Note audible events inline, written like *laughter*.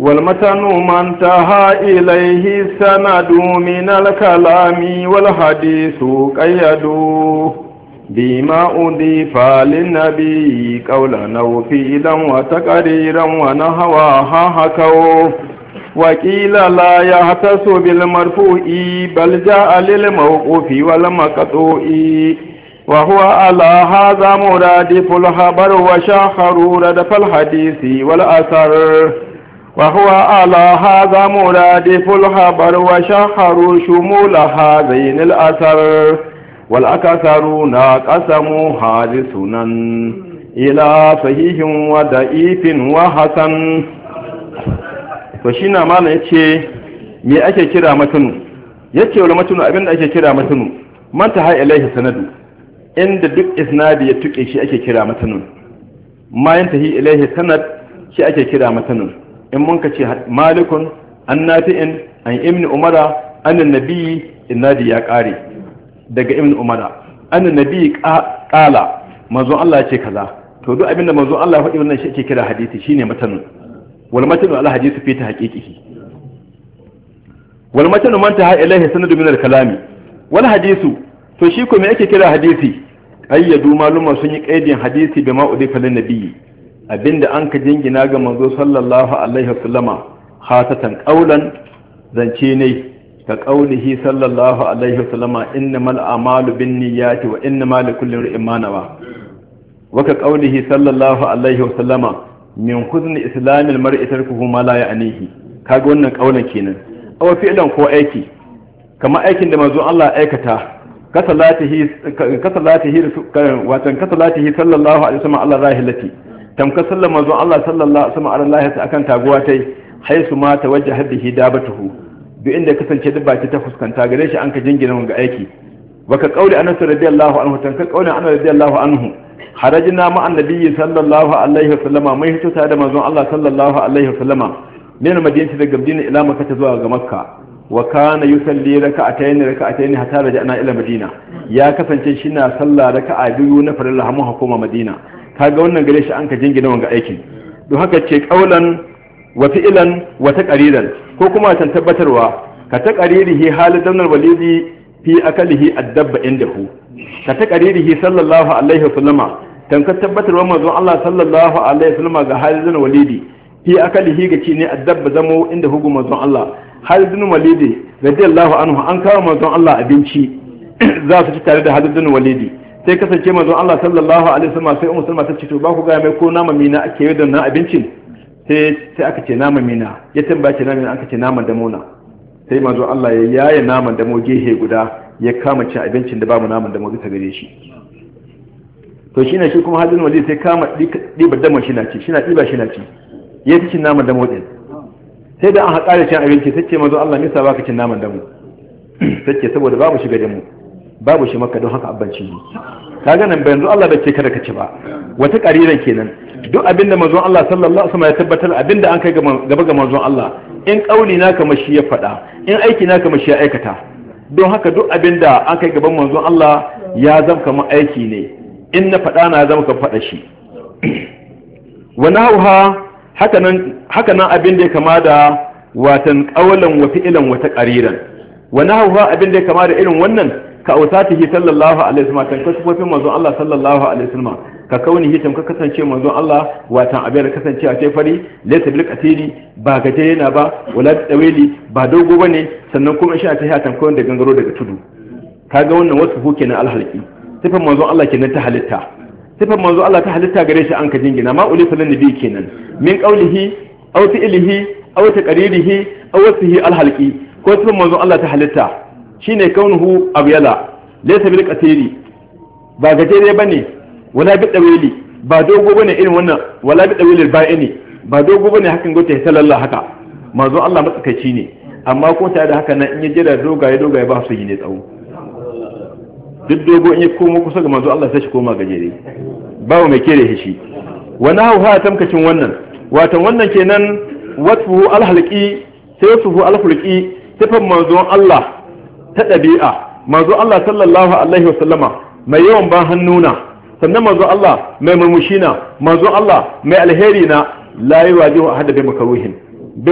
والمتن من تها إليه سند من الكلام والحديث قيد بما أضيف للنبي قولا وفيدا وتقريرا ونهواها هكو وكيل لا يحتس بالمرفوع بل جاء للموقوف والمقطوع وهو على هذا مرادف الخبر وشاخر ردف الحديث والأثر وهو على هذا مرادف الخبر وشهر شمول هذين الأثر والأكثرون قسموا هذه سنن إلى صحيح وضعيف وحسن فشينا ما نتشي me ake kira matunu yace wala matunu abin da ake kira matunu man ta ilaihi sanadu inda duk isnadi ya tuke shi ake kira matanun ma yantahi ilaihi sanad shi ake kira matanun in mun ka ce malikun an nafi'in an ibn umara an nabi innadi ya kare daga ibn umara an nabiyyi kala manzon Allah ya ce kaza to duk abinda manzon Allah ya faɗi wannan shi ake kira hadisi shine matan wal matan al hadisi fi tahqiqihi wal matan man ta ilaihi sanadu min al kalami wal hadisu to shi ko me ake kira hadisi ayyadu maluma sun yi kaidin hadisi bima udifa lin nabiyyi abinda an ka jingina ga manzo sallallahu alaihi wasallama khatatan qaulan zance ne ka qaulihi sallallahu alaihi wasallama innamal a'malu binniyati wa innamal likulli imrin ma nawa wa ka qaulihi sallallahu alaihi wasallama min huzni islamil mar'i tarkuhu ma la ya'nihi kaga wannan qaulan kenan awa fi'lan ko aiki kama aikin da manzo Allah aikata ka salatihi ka salatihi watan ka salatihi sallallahu alaihi wasallama Allah rahilati tamka sallar manzon Allah sallallahu alaihi wasallam Allah ta akan taguwa tai haisu ma tawajjaha bihi dabatuhu duk inda kasance duk baki ta fuskanta gare shi an ka jingina wanga aiki baka kauli Anas radiyallahu anhu tanka kauli Anas radiyallahu anhu harajna ma annabiyyi sallallahu alaihi wasallam mai hito tare da manzon Allah sallallahu alaihi wasallam min madinati daga Madina ila Makka ta zuwa ga Makka wa kana yusalli raka'atayn raka'atayn hatta raja'na ila Madina ya kasance shi na sallah raka'a biyu na farilla hamu hukuma Madina kaga wannan gare shi an ka jingina wanga aikin don haka ce kaulan wa fi'lan wa taqriran ko kuma san tabbatarwa ka taqririhi halin damnar walidi fi akalihi addabba indahu ka taqririhi sallallahu alaihi wasallama dan ka tabbatarwa manzo Allah sallallahu alaihi sallama ga halin damnar walidi fi akalihi ga cine ne addabba zamo inda hugu manzo Allah halin damnar walidi radiyallahu anhu an kawo manzo Allah abinci *clears throat* za su ci tare da halin damnar walidi sai kasance manzon Allah sallallahu alaihi wasallam sai ummu sallama ta ce to ba ku ga mai ko nama mina ake yi da nan abincin sai sai aka ce nama mina ya tambaya ce nama aka ce nama mona sai manzon Allah ya yaye nama damo gehe guda ya kama cin abincin da babu naman damo bisa gare shi to shine shi kuma hadin wali sai kama diba damo shi na ci shi na diba shi na ci ya ci cin naman damo sai da an haƙa da cin abinci sai ce manzon Allah me yasa baka cin naman damo sai *clears throat* ce saboda babu shiga mona babu shi maka don haka abinci ne kaga nan yanzu Allah bai ce kada ka ci ba wata kariran kenan duk abinda manzo Allah sallallahu alaihi wasallam ya tabbatar abinda an kai gaba ga manzo Allah in kauli na kamar shi ya faɗa in aiki na kamar shi ya aikata don haka duk abinda an kai gaban manzo Allah ya zama kamar aiki ne in na faɗa na zama kamar faɗa shi wa nauha haka nan haka nan abinda ya kama da watan qawlan wa fi'lan wa taqriran wa nauha abinda ya kama da irin wannan ka ausatihi sallallahu alaihi wasallam tanka sufofin manzon Allah sallallahu alaihi wasallam ka kauni hita ka kasance manzon Allah watan abiyar kasance a tefari fari laysa bil qatili ba gate yana ba wala daweli ba dogo bane sannan kuma shi a ta hatan kawai da gangaro daga tudu kaga wannan wasu huke na alhalki sifan manzon Allah kenan ta halitta sifan manzon Allah ta halitta gare shi an ka jingina ma ulisa lan nabi kenan min qawlihi aw fi'lihi aw taqririhi aw wasfihi alhalki ko sifan manzon Allah ta halitta shi ne kaunuhu yala lesa bil qatiri ba gajere bane wala bi dawili ba dogo bane irin wannan wala bi dawili ba'ini ba dogo bane hakan gote sallallahu haka manzo Allah matsakaici ne amma ko tare da haka nan in ya jira dogaye dogaye ba su yi ne tsawo duk dogo in ya komo kusa ga manzo Allah sai shi koma gajere ba wa mai kere shi wani hau ha tamkacin wannan watan wannan kenan watfuhu alhalki sai su hu alhalqi sifan manzon Allah ta ɗabi'a manzo Allah sallallahu alaihi wasallama mai yawan ban na sannan manzo Allah mai murmushi na manzo Allah mai alheri na la yawajihu ahada bi makruhin